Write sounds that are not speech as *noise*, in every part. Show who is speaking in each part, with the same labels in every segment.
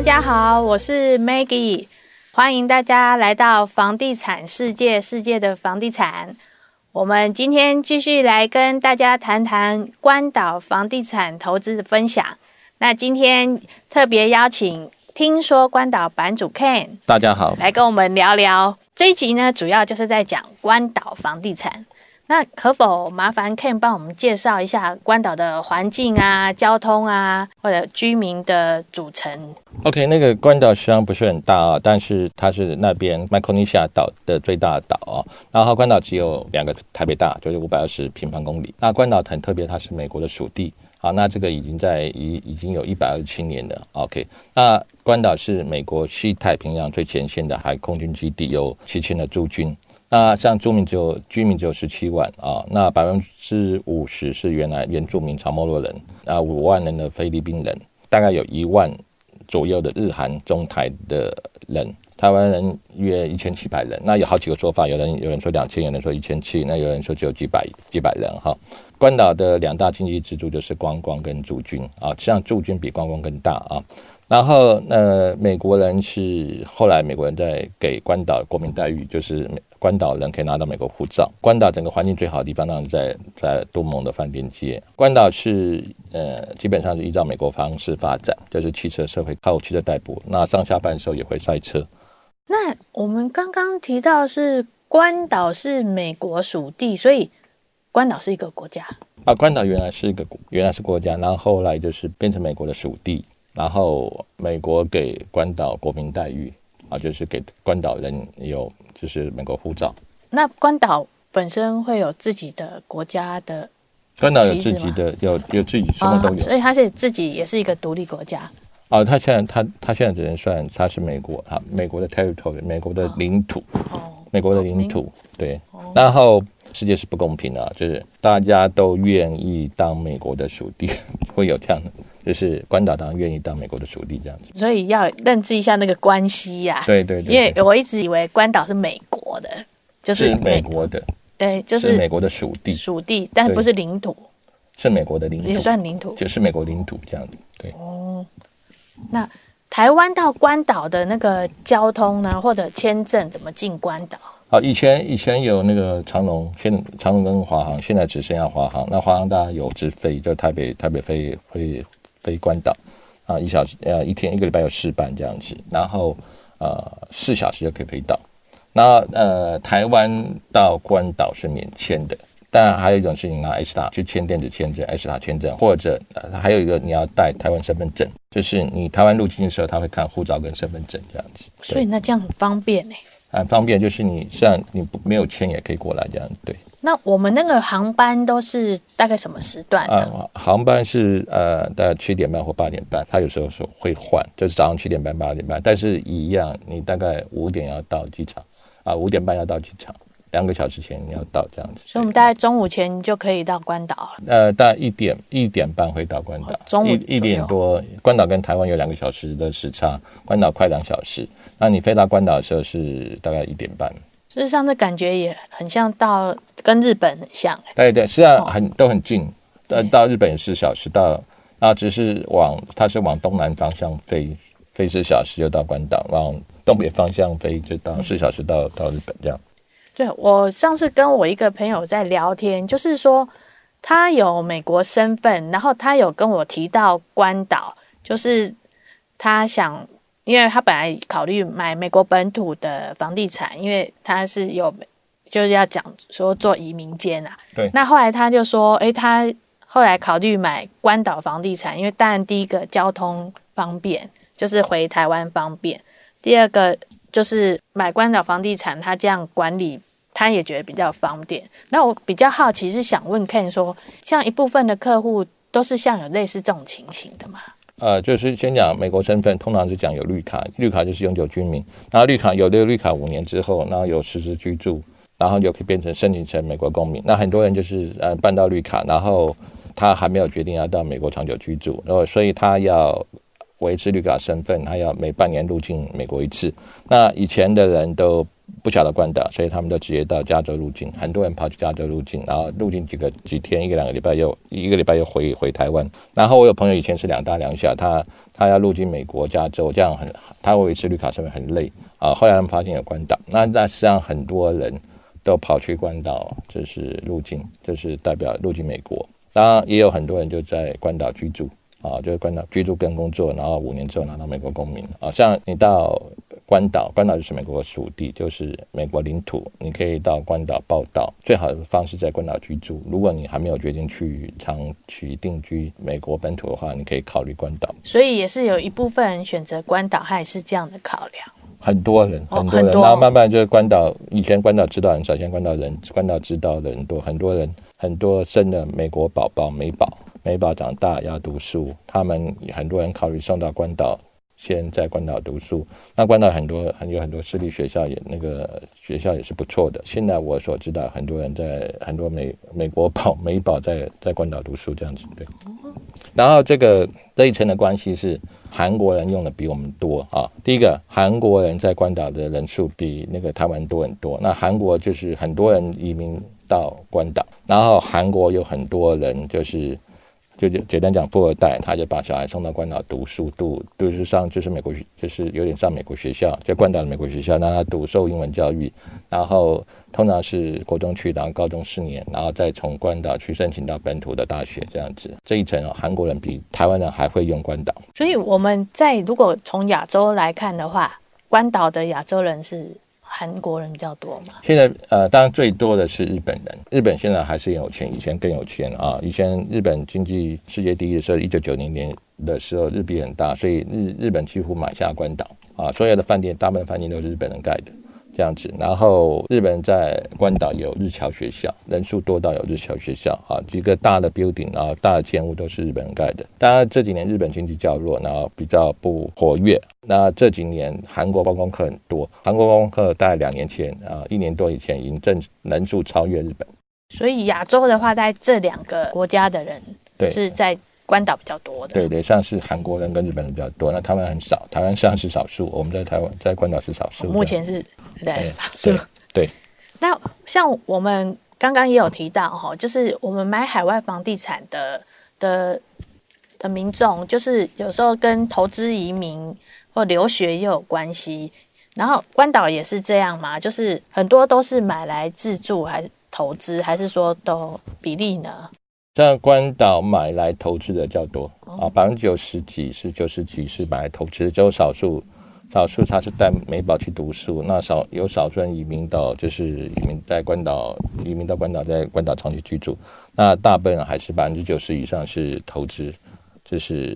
Speaker 1: 大家好，我是 Maggie，歡迎大家來到房地產世界世界的房地產。我們今天繼續來跟大家談談關島房地產投資的分享。那今天特別邀請聽說關島版主 Ken，
Speaker 2: 大家好，來
Speaker 1: 跟我們聊聊。這一集呢，主要就是在講關島房地產。那可否麻煩 Ken 幫我們介紹一下關島的環境啊、交通啊，或者居民的組成
Speaker 2: ？OK，那個關島實際上不是很大，但是它是那邊麥克尼西亞島的最大島，然後關島只有兩個台北大，就是五百二十平方公里。那關島很特別，它是美國的屬地，好，那這個已經在已已經有一百二十七年了。OK，那關島是美國西太平洋最前線的海空軍基地，有七千的駐軍。那像住民只有居民只有十七萬啊、哦，那百分之五十是原來原住民查莫洛人啊，五萬人的菲律賓人，大概有一萬左右的日韓中台的人，台灣人約一千七百人。那有好幾個說法，有人有人說兩千，有人說一千七，那有人說只有幾百幾百人哈、哦。關島的兩大經濟支柱就是觀光跟駐軍啊、哦，實際上駐軍比觀光更大啊。哦然後，呃，美國人是後來美國人在給關島國民待遇，就是關島人可以拿到美國護照。關島整個環境最好的地方當，當然在在杜夢的飯店街。關島是呃，基本上是依照美國方式發展，就是汽車社會，靠汽車代步。那上下班的時候也會塞車。
Speaker 1: 那我們剛剛提到是關島是美國屬地，所以關島是一個國家。
Speaker 2: 啊，關島原來是一個原來是國家，然後後來就是變成美國的屬地。然後美國給關島國民待遇啊，就是給關島人有就是美國護照。
Speaker 1: 那關島本身會有自己的國家的？
Speaker 2: 關島有自己的有有自己什麼都有，哦？所以
Speaker 1: 它是自己也是一個獨立國家。
Speaker 2: 啊，哦，它現在它它現在只能算它是美國啊，美國的 territory，美國的領土，哦，美國的領土，哦，對。哦，然後世界是不公平的，就是大家都願意當美國的屬地，會有這樣的。就是關島當然願意當美國的屬地這樣子，
Speaker 1: 所以要認知一下那個關係呀、啊。對，對對，因為我一直以為關島是美國的，
Speaker 2: 就是美國的，對，就是美國的屬地，屬地，但是不是領土，是美國的領土，也算領土，就是美國領土這樣子。對哦、嗯，
Speaker 1: 那台灣到關島的那個交通呢，或者簽證怎麼進關島？
Speaker 2: 啊，以前以前有那個長榮，現長榮跟華航，現在只剩下華航。那華航大家有直飛，就台北台北飛會。飛關島，啊，一小時呃一天一個禮拜有四班這樣子，然後啊、呃、四小時就可以飛到。那呃台灣到關島是免簽的，當然還有一種是你拿 ESTA 去簽電子簽證，ESTA 簽證，或者、呃、還有一個你要帶台灣身份證，就是你台灣入境的時候他會看護照跟身份證這樣子。所以
Speaker 1: 那這樣很方便嘞、欸。
Speaker 2: 很方便，就是你像你不沒有簽也可以過來這樣對。
Speaker 1: 那我們那個航班都是大概什麼時段啊？啊、呃，
Speaker 2: 航班是呃，大概七點半或八點半。它有時候說會換，就是早上七點半、八點半，但是一樣，你大概五點要到機場，啊、呃，五點半要到機場，兩個小時前你要到這樣子。
Speaker 1: 所以我們大概中午前就可以到關島。
Speaker 2: 呃，大概一點、一點半會到關島。哦、中午一點多，關島跟台灣有兩個小時的時差，關島快兩小時。那你飛到關島的時候是大概一點半。
Speaker 1: 事實上，那感覺也很像到跟日本很像，
Speaker 2: 欸。對對，是啊，很都很近，到，哦、到日本四小時到，啊，只是往它是往東南方向飛，飛四小時就到關島；往東北方向飛就到四小時到，嗯、到日本這樣。
Speaker 1: 對我上次跟我一個朋友在聊天，就是說他有美國身份，然後他有跟我提到關島，就是他想。因為他本來考慮買美國本土的房地產，因為他是有就是要講說做移民間啊。對。那後來他就說，哎，他後來考慮買關島房地產，因為當然第一個交通方便，就是回台灣方便；第二個就是買關島房地產，他這樣管理，他也覺得比較方便。那我比較好奇是想問 Ken 說，像一部分的客戶都是像有類似這種情形的嗎？
Speaker 2: 呃，就是先講美國身份，通常是講有綠卡，綠卡就是永久居民。然後綠卡有這個綠卡五年之後，然後有實質居住，然後就可以變成申請成美國公民。那很多人就是呃辦到綠卡，然後他還沒有決定要到美國長久居住，然後，哦，所以他要維持綠卡身份，他要每半年入境美國一次。那以前的人都。不曉得關島，所以他們都直接到加州入境。很多人跑去加州入境，然後入境幾個幾天，一個兩個禮拜又，又一個禮拜又回回台灣。然後我有朋友以前是兩大兩小，他他要入境美國加州，這樣很他維持綠卡上面很累啊。後來他們發現有關島，那那實際上很多人都跑去關島，就是入境，就是代表入境美國。當然也有很多人就在關島居住啊，就是關島居住跟工作，然後五年之後拿到美國公民啊。像你到。關島，關島就是美國屬地，就是美國領土。你可以到關島報道，最好的方式在關島居住。如果你還沒有決定去長期定居美國本土的話，你可以考慮關島。
Speaker 1: 所以也是有一部分人選擇關島，他也是這樣的考量。
Speaker 2: 很多人，很多人，oh, 然後慢慢就是關島。以前關島知道很少，現在關島人，關島知道的很多。很多人，很多生了美國寶寶，美寶，美寶長大要讀書，他們很多人考慮送到關島。先在關島讀書，那關島很多、很有很多私立學校也，也那個學校也是不錯的。現在我所知道，很多人在很多美美國寶美寶在在關島讀書這樣子，對。然後這個這一層的關係是，韓國人用的比我們多啊。第一個，韓國人在關島的人數比那個台灣多很多。那韓國就是很多人移民到關島，然後韓國有很多人就是。就，就簡單講，富二代他就把小孩送到關島讀書，讀讀、就是上就是美國，就是有點上美國學校，在關島的美國學校，讓他讀受英文教育，然後通常是國中去，然後高中四年，然後再從關島去申請到本土的大學這樣子。這一層、哦、韓國人比台灣人還會用關島，
Speaker 1: 所以我們在如果從亞洲來看的話，關島的亞洲人是。韓國人比較多嘛，
Speaker 2: 現在呃，當然最多的是日本人。日本現在還是有錢，以前更有錢啊！以前日本經濟世界第一的時候，一九九零年的時候，日幣很大，所以日日本幾乎買下關島啊，所有的飯店，大部分飯店都是日本人蓋的。這樣子，然後日本在關島有日僑學校，人數多到有日僑學校啊，幾個大的 building 啊，大的建築物都是日本人蓋的。當然這幾年日本經濟較弱，然後比較不活躍。那這幾年韓國觀光客很多，韓國觀光客大概兩年前啊，一年多以前已經正人數超越日本。
Speaker 1: 所以亞洲的話，在這兩個國家的人對，是在，關島比較
Speaker 2: 多的，對對，像是韓國人跟日本人比較多，那他們很少，台灣像是少數，我們在台灣在關島是少數。目前是對是，對。
Speaker 1: 那像我們剛剛也有提到哈，就是我們買海外房地產的的的民眾，就是有時候跟投資移民或留學也有關係。然後關島也是這樣嘛，就是很多都是買來自住，還是投資，還是說都比例呢？
Speaker 2: 那關島買來投資的較多。哦、啊，百分之九十幾是九十幾是買來投資，只有少數少數他是帶美寶去讀書，那少有少數人移民到，就是移民在關島移民到關島，在關島長期居住，那大部分還是百分之九十以上是投資，就是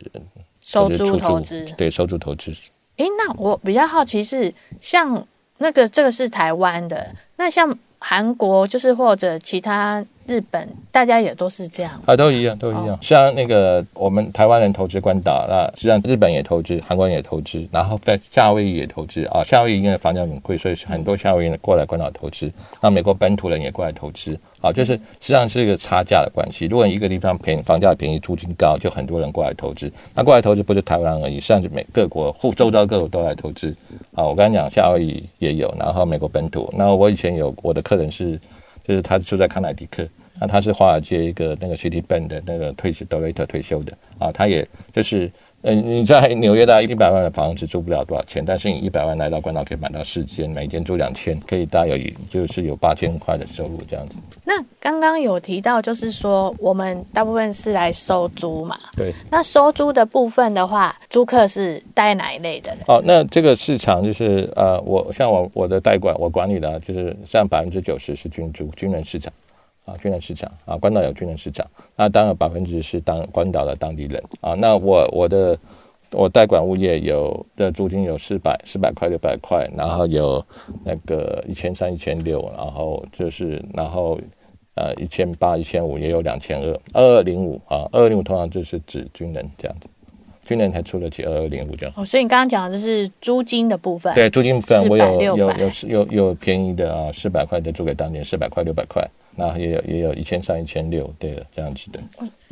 Speaker 2: 出租收租投資，對，收租投資。
Speaker 1: 哎、欸，那我比較好奇是像那個這個是台灣的，那像。韓國就是或者其他日本，大家也都是這樣
Speaker 2: 啊，都一樣，都一樣。像那個我們台灣人投資關島、oh. 那實際上日本也投資，韓國人也投資，然後在夏威夷也投資啊。夏威夷因為房價很貴，所以很多夏威夷人過來關島投資。那、mm hmm. 美國本土人也過來投資。啊，就是實際上是一個差價的關係。如果一個地方便宜，房價便宜，租金高，就很多人過來投資。那過來投資不是台灣而已，實際上是每各國、歐周遭各國都來投資。啊，我剛才講夏威夷也有，然後美國本土。那我以前有我的客人是，就是他住在康乃狄克，那他是華爾街一個那個 Citibank 的那個退休，德瑞特退休的。啊，他也就是。嗯，你在紐約大概一百萬的房子租不了多少錢，但是你一百萬來到關島可以買到四間，每間租兩千，可以大約有就是有八千塊的收入這樣子。
Speaker 1: 那剛剛有提到，就是說我們大部分是來收租嘛？對。那收租的部分的話，租客是帶哪一類的呢？哦，那
Speaker 2: 這個市場就是呃，我像我我的代管我管理的，啊，就是佔百分之九十是軍租軍人市場。啊，軍人市場啊，關島有軍人市場。那當然，百分之是當關島的當地人啊。那我我的我代管物業有的租金有四百四百塊六百塊，然後有那個一千三一千六，然後就是然後呃一千八一千五也有兩千二二二零五啊，二零五通常就是指軍人這樣子，軍人才出得起二二零五這
Speaker 1: 樣。哦，所以你剛剛講的就是租金的部分。對，
Speaker 2: 租金部分我有 400, 有有有,有便宜的啊，四百塊的租給當年，四百塊六百塊。那也有，也有一千三、一千六，對了，這樣子的。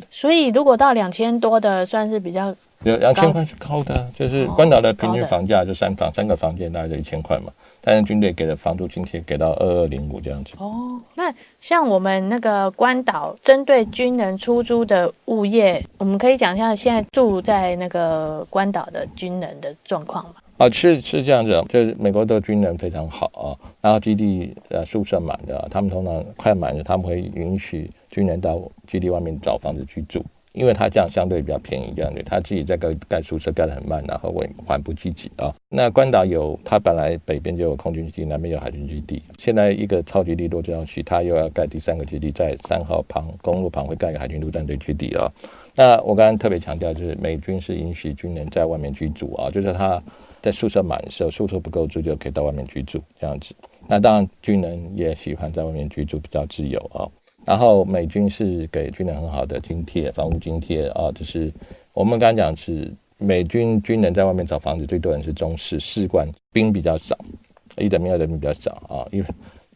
Speaker 1: 所以，如果到兩千多的，算是比較高，
Speaker 2: 有兩千塊是高的，就是關島的平均房價就三房、哦、就三個房間大概就一千塊嘛，但是軍隊給的房租津貼給到二二零五這樣子。哦，
Speaker 1: 那像我們那個關島針對軍人出租的物業，我們可以講一下現在住在那個關島的軍人的狀況嗎？
Speaker 2: 啊、哦，是是這樣子，就是美國的軍人非常好啊，然後基地呃、啊、宿舍滿的、啊，他們通常快滿了，他們會允許軍人到基地外面找房子去住，因為他這樣相對比較便宜，這樣子他自己在蓋蓋宿舍蓋得很慢，然後會還不積極啊。那關島有他本來北邊就有空軍基地，南邊有海軍基地，現在一個超級地多這樣去，他又要蓋第三個基地，在三號旁公路旁會蓋個海軍陸戰隊基地啊。那我剛剛特別強調，就是美軍是允許軍人在外面居住啊，就是他。在宿舍滿的時候，宿舍不夠住，就可以到外面居住這樣子。那當然，軍人也喜歡在外面居住，比較自由啊、哦。然後，美軍是給軍人很好的津貼，房屋津貼啊、哦，就是我們剛才講是美軍軍人在外面找房子，最多人是中士、士官，兵比較少，一等兵、二等兵比較少啊、哦。因為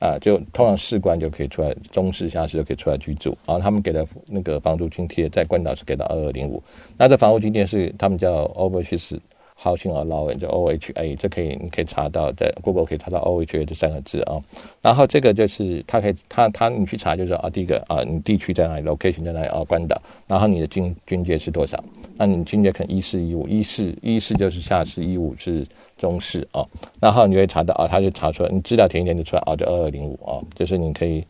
Speaker 2: 啊，就通常士官就可以出來，中士、下士就可以出來居住。然、哦、後他們給的那個房租津貼，在關島是給到二二零五。那這房屋津貼是他們叫 overseas。好 o w x a 就 O H A，這可以，你可以查到在 Google 可以查到 O H A 這三個字啊、哦。然後這個就是它可以，它它你去查就是啊，第一個啊，你地區在哪裡，Location 在哪裡啊，關島。然後你的軍軍階是多少？那你軍階可能一四一五，一四一四就是下士，一五是中士啊、哦。然後你會查到啊，他就查出來，你資料填一填就出來啊，就二二零五啊，就是你可以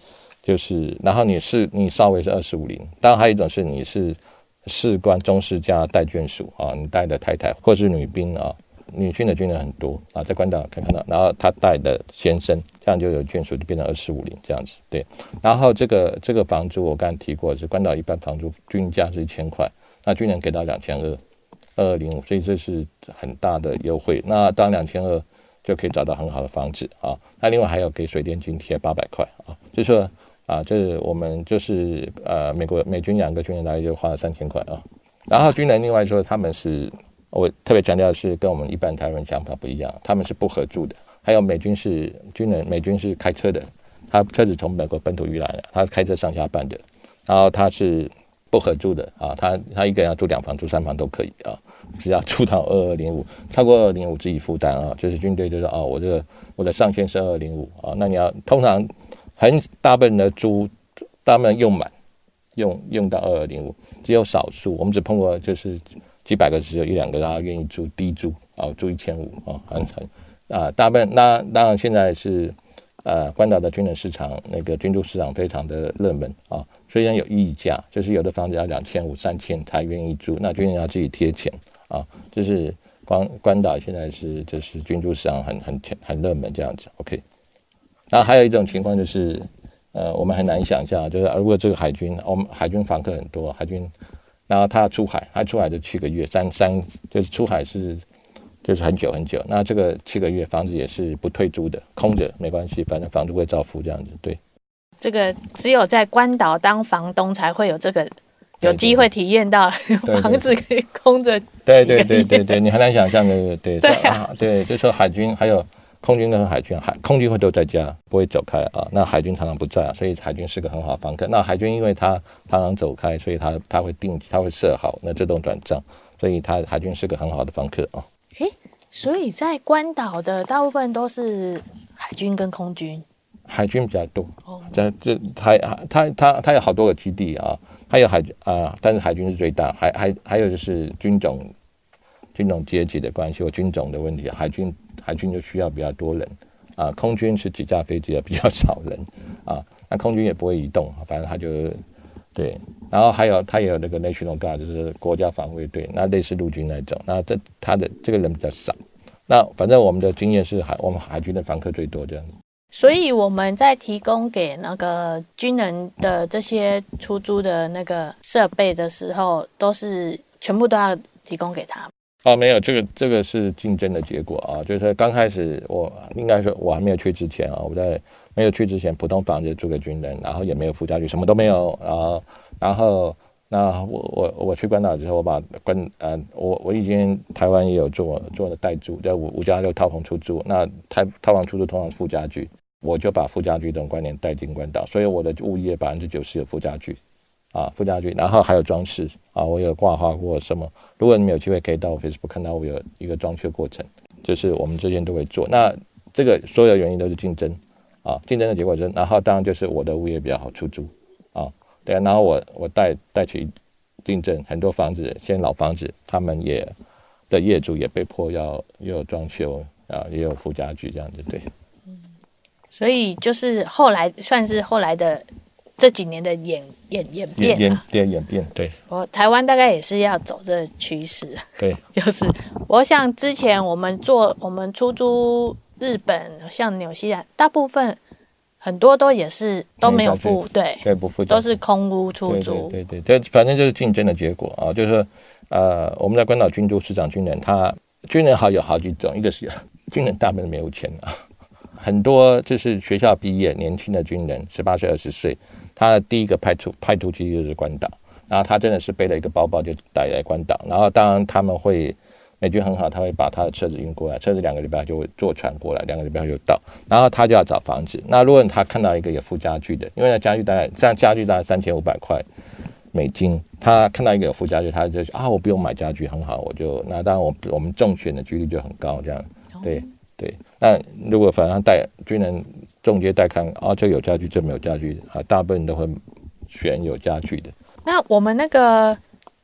Speaker 2: 就是，然後你是你稍微是二四五零，當然還有一種是你是。士官、中士家帶眷屬啊，你帶的太太或是女兵啊，女性的軍人很多啊，在關島可以看到。然後他帶的先生，這樣就有眷屬，就變成二四五零這樣子。對，然後這個這個房租我剛剛提過，是關島一般房租均價是一千塊，那軍人給到兩千二二二零，所以這是很大的優惠。那當兩千二就可以找到很好的房子啊。那另外還有給水電津貼八百塊啊，就是說。啊，就是我們就是呃，美國美軍兩個軍人，大概就花了三千塊啊。然後軍人另外說，他們是，我特別強調的是跟我們一般台灣人想法不一樣，他們是不合住的。還有美軍是軍人，美軍是開車的，他車子從美國本土運來的，他開車上下班的。然後他是不合住的啊，他他一個人要住兩房、住三房都可以啊，只要住到二二零五，超過二零五自己負擔啊。就是軍隊就說啊、哦，我這個、我的上限是二二零五啊，那你要通常。很大部分的租，大部分用滿，用用到二二零五，只有少數，我們只碰過就是幾百個，只有一兩個大家願意租低租，哦，租一千五哦，很很啊，大部分那當然現在是，呃，關島的軍人市場那個軍租市場非常的熱門啊、哦，雖然有溢價，就是有的房子要兩千五三千才願意租，那軍人要自己貼錢啊、哦，就是關關島現在是就是軍租市場很很很熱門這樣子，OK。那還有一種情況就是，呃，我們很難想象，就是如果這個海軍，我們、哦、海軍房客很多，海軍，然後他要出海，他出海就七個月，三三就是出海是就是很久很久。那這個七個月房子也是不退租的，空着沒關係，反正房子會照付這樣子。對，
Speaker 1: 這個只有在關島當房東才會有這個對
Speaker 2: 對有機
Speaker 1: 會體驗到房子，對對 *laughs* 房子可以空着。對，對對對對對， *laughs* 你很難
Speaker 2: 想象的，對，對，對，對、啊啊，對，就說海軍還有。空軍跟海軍，海空軍會都在家，不會走開啊。那海軍常常不在，所以海軍是個很好的房客。那海軍因為他，他常常走開，所以他他會定，他會設好那自動轉賬，所以他海軍是個很好的房客哦。哎、啊欸，
Speaker 1: 所以在關島的大部分都是海軍跟空軍，
Speaker 2: 海軍比較多。哦。在這海海他他他，他，他有好多個基地啊，他有海啊、呃，但是海軍是最大。還還還有就是軍種，軍種階級的關係或軍種的問題，海軍。海軍就需要比較多人，啊，空軍是幾架飛機啊，比較少人，啊，那空軍也不會移動，反正他就對。然後還有他有那個 National Guard 就是國家防衛隊，那類似陸軍那種，那這他的這個人比較少，那反正我們的經驗是海，我們海軍的房客最多，這樣。
Speaker 1: 所以我們在提供給那個軍人的這些出租的那個設備的時候，都是全部都要提供給他。
Speaker 2: 啊、哦，沒有這個，這個是競爭的結果啊。就是剛開始我，我應該說，我還沒有去之前啊，我在沒有去之前，普通房子租給軍人，然後也沒有附家具，什麼都沒有。啊、呃。然後那我我我去關島之後，我把關呃，我我已經臺灣也有做做了代租，在五五加六套房出租，那台套房出租通常附家具，我就把附家具這種觀念帶進關島，所以我的物業百分之九十有附家具，啊，附家具，然後還有裝飾。啊，我有掛畫過什麼？如果你們有機會，可以到 Facebook 看到我有一個裝修過程，就是我們之前都會做。那這個所有原因都是競爭啊，競爭的結果，就是，然後當然就是我的物業比較好出租啊，對啊。然後我我帶帶去競爭，很多房子，現在老房子，他們也的業主也被迫要要裝修啊，也有附家具這樣子，對。嗯，
Speaker 1: 所以就是後來算是後來的。這幾年的演演演
Speaker 2: 變，演演演變。對，
Speaker 1: 我台灣大概也是要走這趨勢。對， *laughs* 就是我想之前我們做我們出租日本，像紐西蘭，大部分很多都也是都沒有付。對，
Speaker 2: 對，不付都是空
Speaker 1: 屋出租，
Speaker 2: 對對對，反正就是競爭的結果啊，就是說呃，我們在關島軍都市長軍人他，他軍人好有好幾種，一個是軍人大部分沒有錢啊，很多就是學校畢業年輕的軍人，十八歲二十歲。他的第一個派出派出去就是關島，然後他真的是背了一個包包就帶來關島，然後當然他們會美軍很好，他會把他的車子運過來，車子兩個禮拜就會坐船過來，兩個禮拜就到，然後他就要找房子。那如果他看到一個有附家具的，因為那家具大概這樣家具大概三千五百塊美金，他看到一個有附家具，他就啊我不用買家具很好，我就那當然我我們中選的幾率就很高這樣，對對。那如果反正他帶軍人。中介帶看啊，就有家具，這沒有家具啊，大部分人都會選有家具的。
Speaker 1: 那我們那個，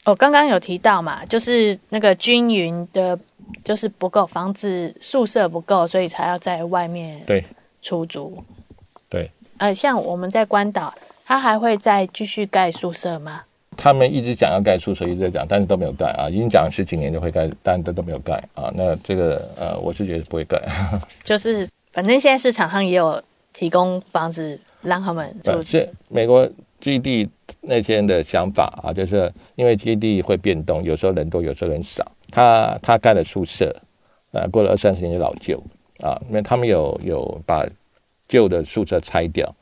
Speaker 1: 我剛剛有提到嘛，就是那個均勻的，就是不夠，房子宿舍不夠，所以才要在外面對出租。對，呃，像我們在關島，他還會再繼續蓋宿舍嗎？
Speaker 2: 他們一直講要蓋宿舍，一直在講，但是都沒有蓋啊。已經講十幾年就會蓋，但都都沒有蓋啊。那這個呃，我是覺得不會蓋。
Speaker 1: *laughs* 就是反正現在市場上也有。提供房子讓他們住。嗯，是
Speaker 2: 美國基地那些人的想法啊，就是因為基地會變動，有時候人多，有時候人少。他他蓋了宿舍，啊過了二三十年就老舊啊，那他們有有把舊的宿舍拆掉，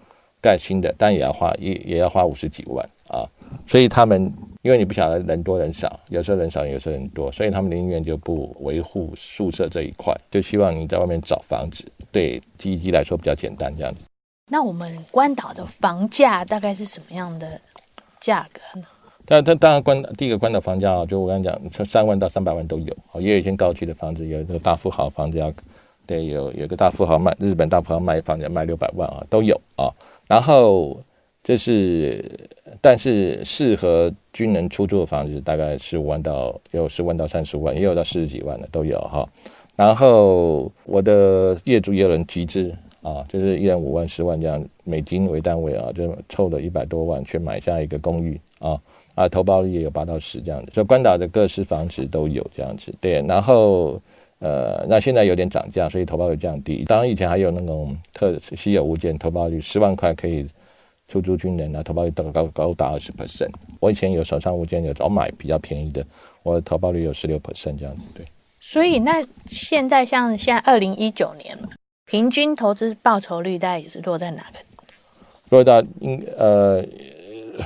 Speaker 2: 蓋新的，但也要花也也要花五十幾萬啊，所以他們。因為你不曉得人多人少，有時候人少，有時候人多，所以他們寧願就不維護宿舍這一塊，就希望你在外面找房子。對，基地來說比較簡單這樣子。
Speaker 1: 那我們關島的房價大概是什麼樣的價格呢？
Speaker 2: 當然、嗯、關第一個關島房價啊，就我剛剛講，三萬到三百萬都有啊，也有一些高級的房子，有一個大富豪房子要，對，有有一個大富豪賣日本大富豪賣房子要賣六百萬啊，都有啊、哦，然後。這是，但是適合軍人出租的房子大概十五萬到有十萬到三十萬，也有到四十幾萬的都有哈。然後我的業主也有人集資啊，就是一人五萬、十萬這樣，美金為單位啊，就湊了一百多萬去買下一個公寓啊啊，投報率也有八到十這樣的，所以關島的各式房子都有這樣子。對，然後呃，那現在有點漲價，所以投報率降低。當然以前還有那種特稀有物件，投報率十萬塊可以。出租軍人啊，投報率等高高達二十 percent。我以前有手上物件有早買比較便宜的，我的投報率有十六 percent 這樣子。對，
Speaker 1: 所以那現在像現在二零一九年嘛，平均投資報酬率大概也是落在哪個？
Speaker 2: 落在應呃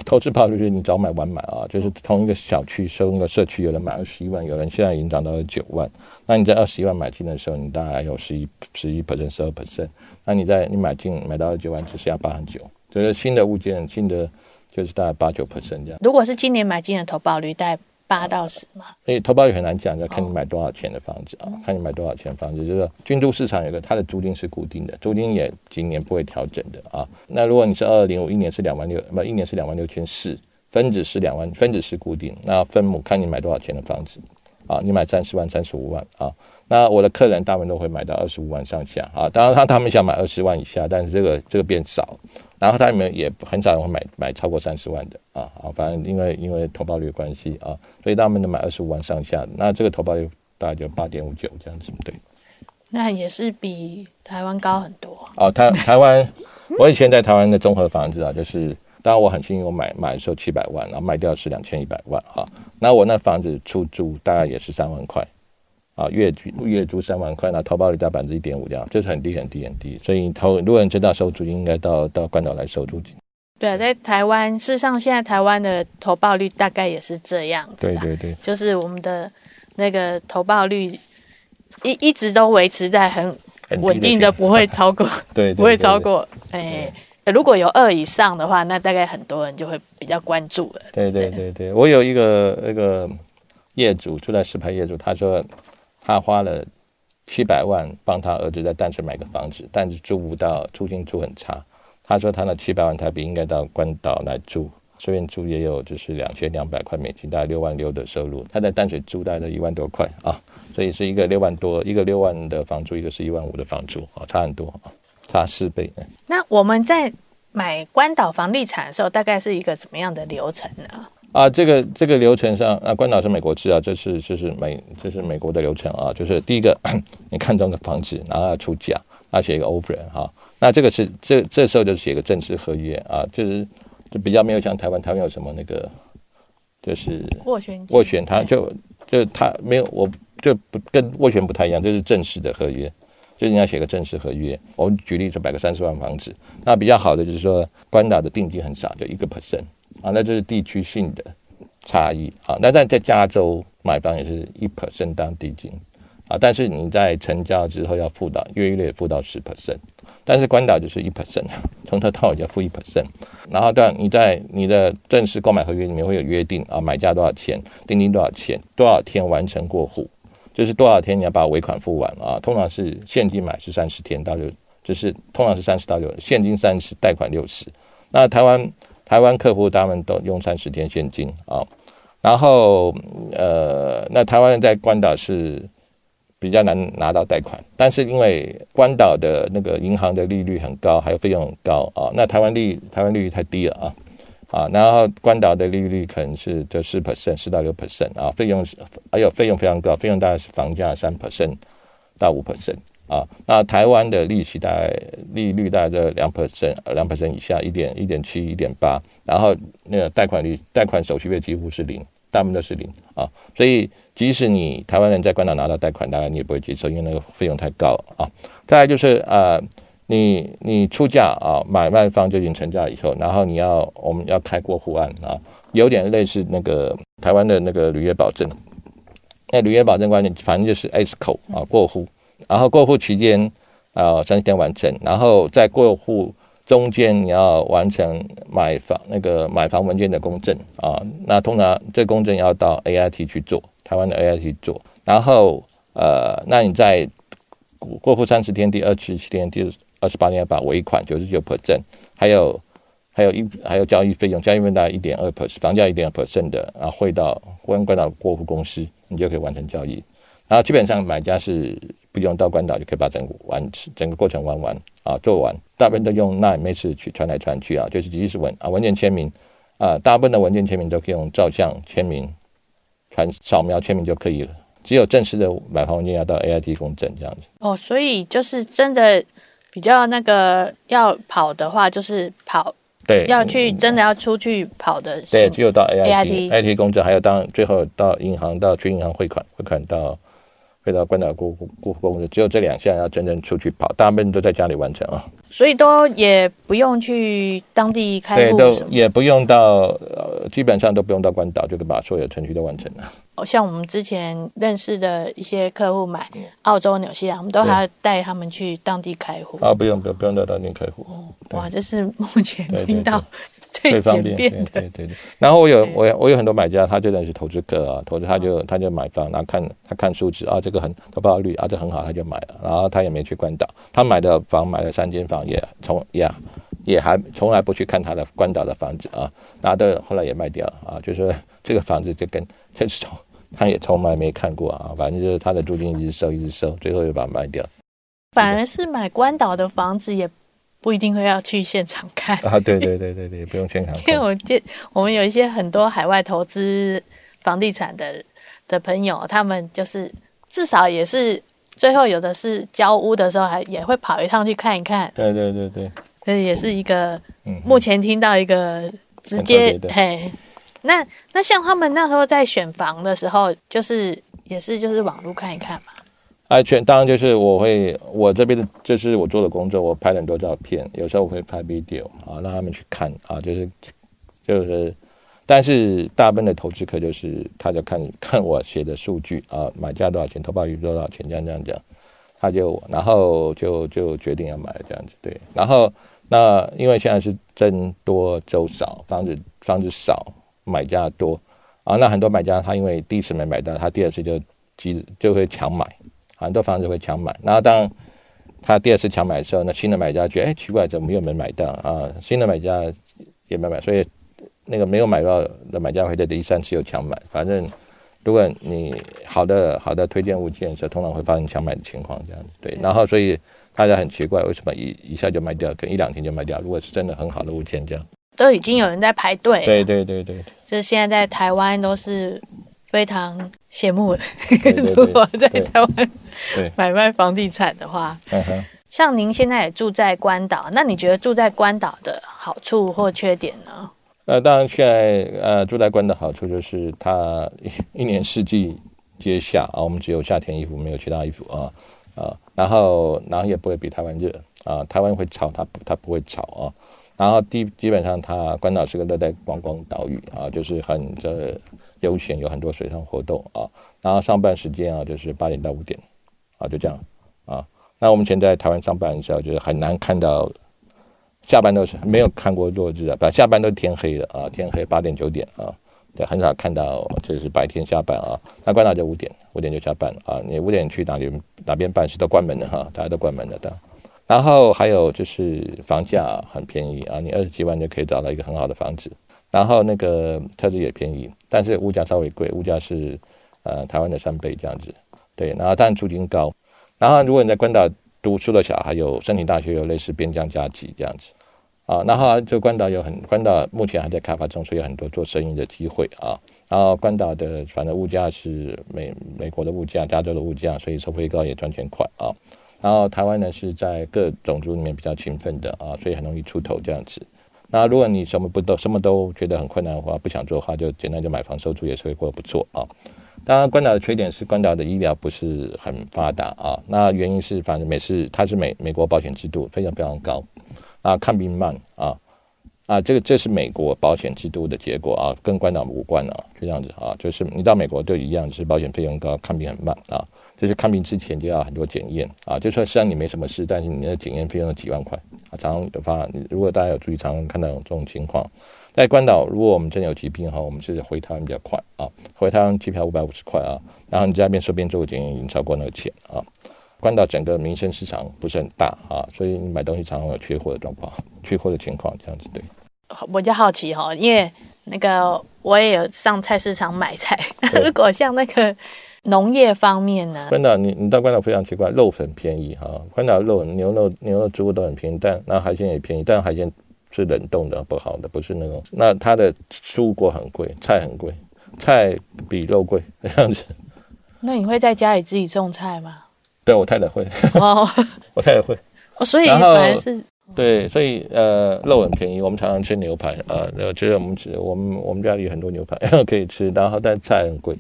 Speaker 2: 投資報酬率，你早買晚買啊，就是同一個小區，收一個社區，有人買二十一萬，有人現在已經漲到了九萬。那你在二十一萬買進的時候，你大概有十一十一 percent、十二 percent。那你在你買進買到二十九萬只，只是要八和九。所以新的物件，新的就是大概八九 percent 這樣。
Speaker 1: 如果是今年買進的投報率大概八到十嗎？
Speaker 2: 所以，嗯、投報率很難講，要看你買多少錢的房子啊，哦，看你買多少錢的房子。嗯，就是說均都市場有個它的租金是固定的，租金也今年不會調整的啊。那如果你是二零五一年是兩萬六，不一年是兩萬六千四，分子是兩萬，分子是固定，那分母看你買多少錢的房子。啊，你買三十萬、三十五萬啊？那我的客人大部分都會買到二十五萬上下啊。當然，他他們想買二十萬以下，但是這個這個變少，然後他們也很少人會買買超過三十萬的啊啊！反正因為因為投報率的關係啊，所以他們都買二十五萬上下。那這個投報率大概就八點五九這樣子，對。
Speaker 1: 那也是比台灣高很多
Speaker 2: 啊。台台灣， *laughs* 我以前在台灣的綜合房子啊，就是。當然我很幸運，我買買的時候七百萬，然後賣掉是兩千一百萬哈、啊，那我那房子出租大概也是三萬塊啊，月月租三萬塊。那投報率大概百分之一點五這樣，就是很低很低很低。所以你投，如果你知道收租金，應該到到關島來收租金。
Speaker 1: 對、啊，在台灣，事實上現在台灣的投報率大概也是這樣
Speaker 2: 子。對對對，就
Speaker 1: 是我們的那個投報率一一直都維持在很穩定的，不會超過，
Speaker 2: 不會超過，
Speaker 1: 哎。如果有二以上的話，那大概很多人就會比較關注了。
Speaker 2: 對對對，對對對，我有一個那個業主住在石牌業主，他說他花了七百萬幫他兒子在淡水買個房子，但是租不到，租金租很差。他說他那七百萬台幣應該到關島來租，雖然租也有就是兩千兩百塊美金，大概六萬六的收入。他在淡水租大概一萬多塊啊，所以是一個六萬多，一個六萬的房租，一個是一萬五的房租啊，差很多啊。大四倍。
Speaker 1: 那我們在買關島房地產的時候，大概是一個什麼樣的流程呢？
Speaker 2: 啊，這個這個流程上啊，關島是美國製啊，這是就是美就是美國的流程啊，就是第一個你看中的房子，然後要出價，那寫一個 offer 哈、啊。那這個是這這時候就是寫個正式合約啊，就是就比較沒有像台灣，台灣有什麼那個就是斡旋，斡旋他對就就他沒有，我就不跟斡旋不太一樣，就是正式的合約。最近要寫個正式合約。我們舉例說，買個三十萬房子，那比較好的就是說，關島的定金很少，就一個 percent 啊，那這是地區性的差異啊。那但在加州買房也是一 percent 當地金啊，但是你在成交之後要付到約略付到十 percent，但是關島就是一 percent，從頭到尾就付一 percent。然後到你在你的正式購買合約裡面會有約定啊，買家多少錢，定金多少錢，多少天完成過戶。就是多少天你要把尾款付完啊。通常是現金買是三十天到六，就是通常是三十到六，9, 現金三十，貸款六十。那台灣台灣客戶他們都用三十天現金啊、哦，然後呃，那台灣人在關島是比較難拿到貸款，但是因為關島的那個銀行的利率很高，還有費用很高啊、哦，那台灣利台灣利率太低了啊。啊，然後關島的利率可能是就四 percent，四到六 percent 啊，費用是，哎呦，費用非常高，費用大概是房價三 percent 到五 percent 啊。那台灣的利息大概利率大概在兩 percent，兩 percent 以下，一點一點七，一點八，然後那個貸款率，貸款手續費幾乎是零，大部分都是零啊。所以即使你台灣人在關島拿到貸款，大概你也不會接受，因為那個費用太高啊。再來就是呃。你你出價啊，買賣方就已經成交以後，然後你要我們要開過戶案啊，有點類似那個台灣的那個履約保證。那履約保證關鍵，反正就是 escrow 啊過戶，然後過戶期間啊三十天完成，然後在過戶中間你要完成買房那個買房文件的公證啊。那通常這公證要到 A I T 去做，台灣的 A I T 去做。然後呃，那你在過戶三十天，第二十七天就是。二十八年要把尾款九十九 percent，還有，還有一還有交易費用，交易費大概一點二 percent，房價一點二 percent 的啊，匯到關關島過戶公司，你就可以完成交易。然後基本上買家是不用到關島就可以把整完整個過程玩完啊做完，大部分都用 nine mess 去傳來傳去啊，就是即時文啊文件簽名啊，大部分的文件簽名都可以用照相簽名，傳掃描簽名就可以了。只有正式的買房文件要到 AIT 公證這樣子。
Speaker 1: 哦，所以就是真的。比較那個要跑的話，就是跑。對，要去真的要出去跑的是。對，只有
Speaker 2: 到 A I T、A I T 工作，還有當最後到銀行，到去銀行匯款，匯款到。會到關島過過過戶，只有這兩項要真正出去跑，大部分人都在家裡完成啊，
Speaker 1: 所以都也不用去當地開戶，對，都
Speaker 2: 也不用到呃，基本上都不用到關島，就把所有程序，都完成了。
Speaker 1: 像我們之前認識的一些客戶買澳洲、紐西蘭，我們都還要帶他們去當地開戶啊對、哦，
Speaker 2: 不用不用不用到當地開戶，哇，這是目前聽到對對對對。
Speaker 1: 最
Speaker 2: 方便，對對對，對。然後我有我我有很多買家，他就是是投資客啊，投資他就他就買房，然後看他看數字啊，這個很回報率啊，這很好，他就買了。然後他也沒去關島，他買的房買了三間房，也從也也還從來不去看他的關島的房子啊，拿的後來也賣掉了啊，就是這個房子就跟就是從他也從來沒看過啊，反正就是他的租金一直收一直收，最後又把它賣掉。
Speaker 1: 反而是買關島的房子也。不一定會要去現場看 *laughs* 啊，對對對
Speaker 2: 對對，不用現場看。 *laughs* 因為
Speaker 1: 我見我們有一些很多海外投資房地產的的朋友，他們就是至少也是最後有的是交屋的時候，還也會跑一趟去看一看。
Speaker 2: 對對對
Speaker 1: 對，這也是一個、嗯、哼目前聽到一個直接嘿。那那像他們那時候在選房的時候，就是也是就是網絡看一看嘛。
Speaker 2: 安、啊、全當然就是我會我這邊的就是我做的工作，我拍很多照片，有時候我會拍 video 啊，讓他們去看啊，就是就是，但是大部分的投資客就是他就看看我寫的數據啊，買家多少錢，投保餘多少錢這樣這樣講，他就然後就就決定要買這樣子對。然後那因為現在是僧多粥少，房子房子少，買家多啊，那很多買家他因為第一次沒買到，他第二次就急就會強買。很多房子會搶買，然後當他第二次搶買的時候，那新的買家覺得哎奇怪，怎麼又沒買到啊？新的買家也沒買，所以那個沒有買到的買家會在第三次又搶買。反正如果你好的好的推薦物件的時候，通常會發生搶買的情況，這樣對。然後所以大家很奇怪，為什麼一一下就賣掉，可能一兩天就賣掉？如果是真的很好的物件，這樣
Speaker 1: 都已經有人在排隊對。對對
Speaker 2: 對對，對就
Speaker 1: 是現在在台灣都是。非常羨慕。如果在台灣買賣房地產的話，像您現在也住在關島，那你覺得住在關島的好處或缺點呢？
Speaker 2: 呃，當然現在呃住在關島的好處就是它一年四季皆夏啊，我們只有夏天衣服，沒有其他衣服啊，然後然後也不會比台灣熱啊，台灣會潮，它它不會潮啊。然後第基本上，他關島是個熱帶觀光島嶼啊，就是很這悠閒，有很多水上活動啊。然後上班時間啊，就是八點到五點，啊就這樣，啊。那我們以前在台灣上班的時候，就是很難看到下班都是沒有看過落日啊，下班都天黑的啊，天黑八點九點啊，對，很少看到就是白天下班啊。那關島就五點，五點就下班了啊。你五點去哪裡哪邊辦事都關門的哈，大家都關門的。然後還有就是房價很便宜啊，你二十幾萬就可以找到一個很好的房子。然後那個車子也便宜，但是物價稍微貴，物價是呃台灣的三倍這樣子。對，然後但租金高。然後如果你在關島讀書的小孩有申請大學，有類似邊疆加急這樣子啊。然後就關島有很關島目前還在開發中，所以有很多做生意的機會啊。然後關島的船的物價是美美國的物價、加州的物價，所以收費高也賺錢快啊。然後台灣呢是在各種族裡面比較勤奮的啊，所以很容易出頭這樣子。那如果你什麼不都什麼都覺得很困難的話，不想做的話，就簡單就買房收租也是會過得不錯啊。當然關島的缺點是關島的醫療不是很發達啊。那原因是反正美是它是美美國保險制度非常非常高啊，看病慢啊啊，這個這是美國保險制度的結果啊，跟關島無關啊，就這樣子啊，就是你到美國都一樣，是保險費用高，看病很慢啊。就是看病之前就要很多檢驗啊，就說雖然你沒什麼事，但是你的檢驗費用幾萬塊啊。常常有發，你如果大家有注意，常常看到這種情況。在關島，如果我們真的有疾病哈、哦，我們是回台灣比較快啊，回台灣機票五百五十塊啊，然後你在那邊隨便做個檢驗已經超過那個錢啊。關島整個民生市場不是很大啊，所以你買東西常常有缺貨的狀況，缺貨的情況這樣子對。
Speaker 1: 我就好奇哈、哦，因為那個我也有上菜市場買菜，對如果像那個。農業方面呢？
Speaker 2: 關島，你你到關島非常奇怪，肉很便宜哈，關、哦、島肉、牛肉、牛肉、豬肉，都很便宜，但那海鮮也便宜，但海鮮是冷凍的，不好的，不是那種。那它的蔬果很貴，菜很貴，菜比肉貴這樣子。
Speaker 1: 那你會在家裡自己種菜嗎？
Speaker 2: 對，我太太會，我太太會。哦、oh. *laughs* ，oh, 所以反而是對，所以呃肉很便宜，我們常常吃牛排啊，就、呃、是我們吃我們我們家裡很多牛排可以吃，然後但菜很貴。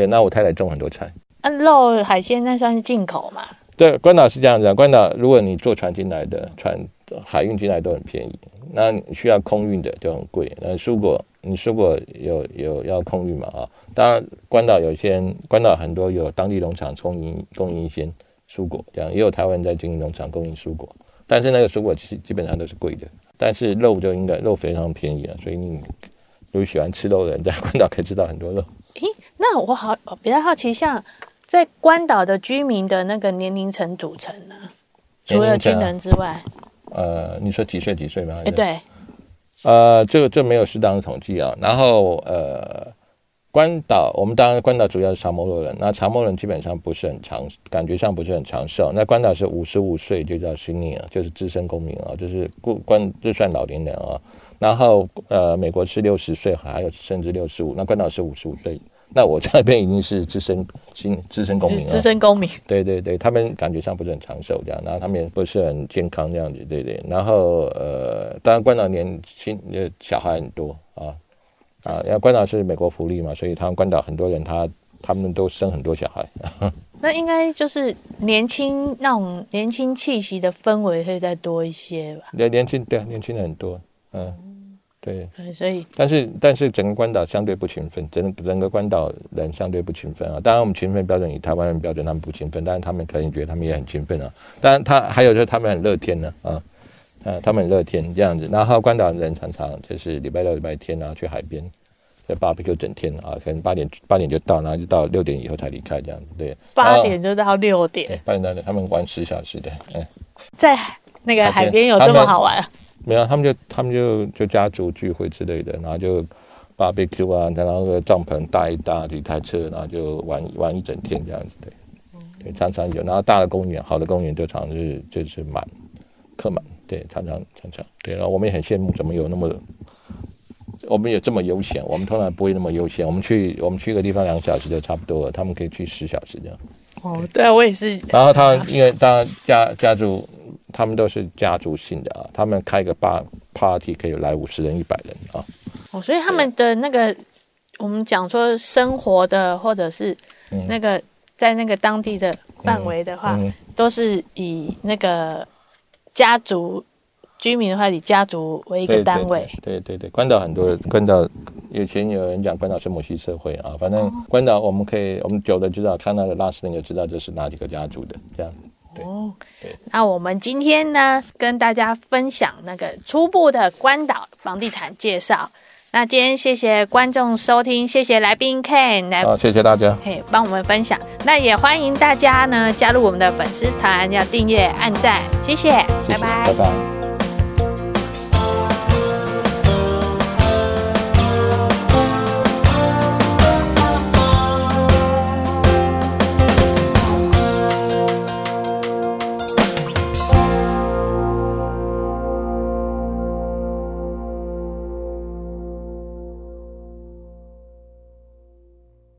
Speaker 2: 對，那我太太種很多菜那、
Speaker 1: 啊、肉海鮮那算是進口嗎
Speaker 2: 對，關島是這樣子的。關島如果你坐船進來的，船海運進來都很便宜。那你需要空運的就很貴。那蔬果，你蔬果有有要空運嘛？啊、哦，當然，關島有些，關島很多有當地農場充盈供應一些蔬果，這樣也有台灣在經營農場供應蔬果，但是那個蔬果其實基本上都是貴的。但是肉就應該肉非常便宜啊，所以你有喜歡吃肉的人在關島可以吃到很多肉。
Speaker 1: 誒，那我好，我比較好奇，像在關島的居民的那個年齡層組成呢？啊、
Speaker 2: 除了軍人之外，呃，你說幾歲幾歲嗎？欸？對，呃，這個這沒有適當的統計啊。然後呃，關島我們當然關島主要是查摩洛人，那查莫人基本上不是很長，感覺上不是很長壽。那關島是五十五歲就叫 senior 啊，就是資深公民啊，就是關就算老年人啊。然後呃，美國是六十歲，還有甚至六十五。那關島是五十五歲，那我這邊已經是資深新資深公民了，啊。資深公民，對對對，他們感覺上不是很長壽這樣，然後他們也不是很健康這樣子，對對。然後呃，當然關島年輕、呃、小孩很多啊啊，因為關島是美國福利嘛，所以他們關島很多人他他們都生很多小孩。
Speaker 1: 呵呵，那應該就是年輕那種年輕氣息的氛圍會再多一些吧？
Speaker 2: 年年輕對，年輕人很多。嗯，對，所以，但是但是整個關島相對不勤奮，整個整個關島人相對不勤奮啊。當然我們勤奮標準以台灣人標準，他們不勤奮，但是他們可能覺得他們也很勤奮啊。當然他還有就是他們很樂天呢啊，啊，啊、他們很樂天這樣子。然後關島人常常就是禮拜六、禮拜天，啊，然後去海邊在 barbecue 整天啊，可能八點八點就到，然後就到六點以後才離開這樣子。對，八點就到六點，
Speaker 1: 對。
Speaker 2: 八點到六，他們玩十小時的。嗯，
Speaker 1: 在那個海邊有這麼好玩？啊。
Speaker 2: 沒有、啊，他們就他們就就家族聚會之類的，然後就 barbecue 啊，然後那個帳篷搭一搭，幾台車，然後就玩玩一整天這樣子，對，對，常常有。然後大的公園，好的公園就常日，就是滿，客滿，對，常常常常。對，然後我們也很羨慕，怎麼有那麼，我們也這麼悠閒？我們通常不會那麼悠閒，我們去我們去一個地方兩個小時就差不多了，他們可以去十小時這
Speaker 1: 樣。哦，對啊，我也是。
Speaker 2: 然後他因為當家、啊、家族。家他們都是家族性的啊，他們開個 party 可以來五十人、一百人啊。
Speaker 1: 哦，所以他們的那個，對我們講說生活的，或者是那個在那個當地的範圍的話，嗯嗯嗯、都是以那個家族居民的話，以家族為一個單位。
Speaker 2: 對對對，關島很多關島島，以前有人講關島是母系社會啊。反正關島，我們可以我們久了知道，看到的 last name 就知道這是哪幾個家族的這樣。
Speaker 1: 哦，對，那我們今天呢，跟大家分享那個初步的關島房地產介紹。那今天謝謝觀眾收聽，謝謝來賓 Ken 來，謝謝大家，嘿，幫我們分享。那也歡迎大家呢加入我們的粉絲團，要訂閱、按讚，謝謝，謝謝
Speaker 2: 拜拜，拜拜。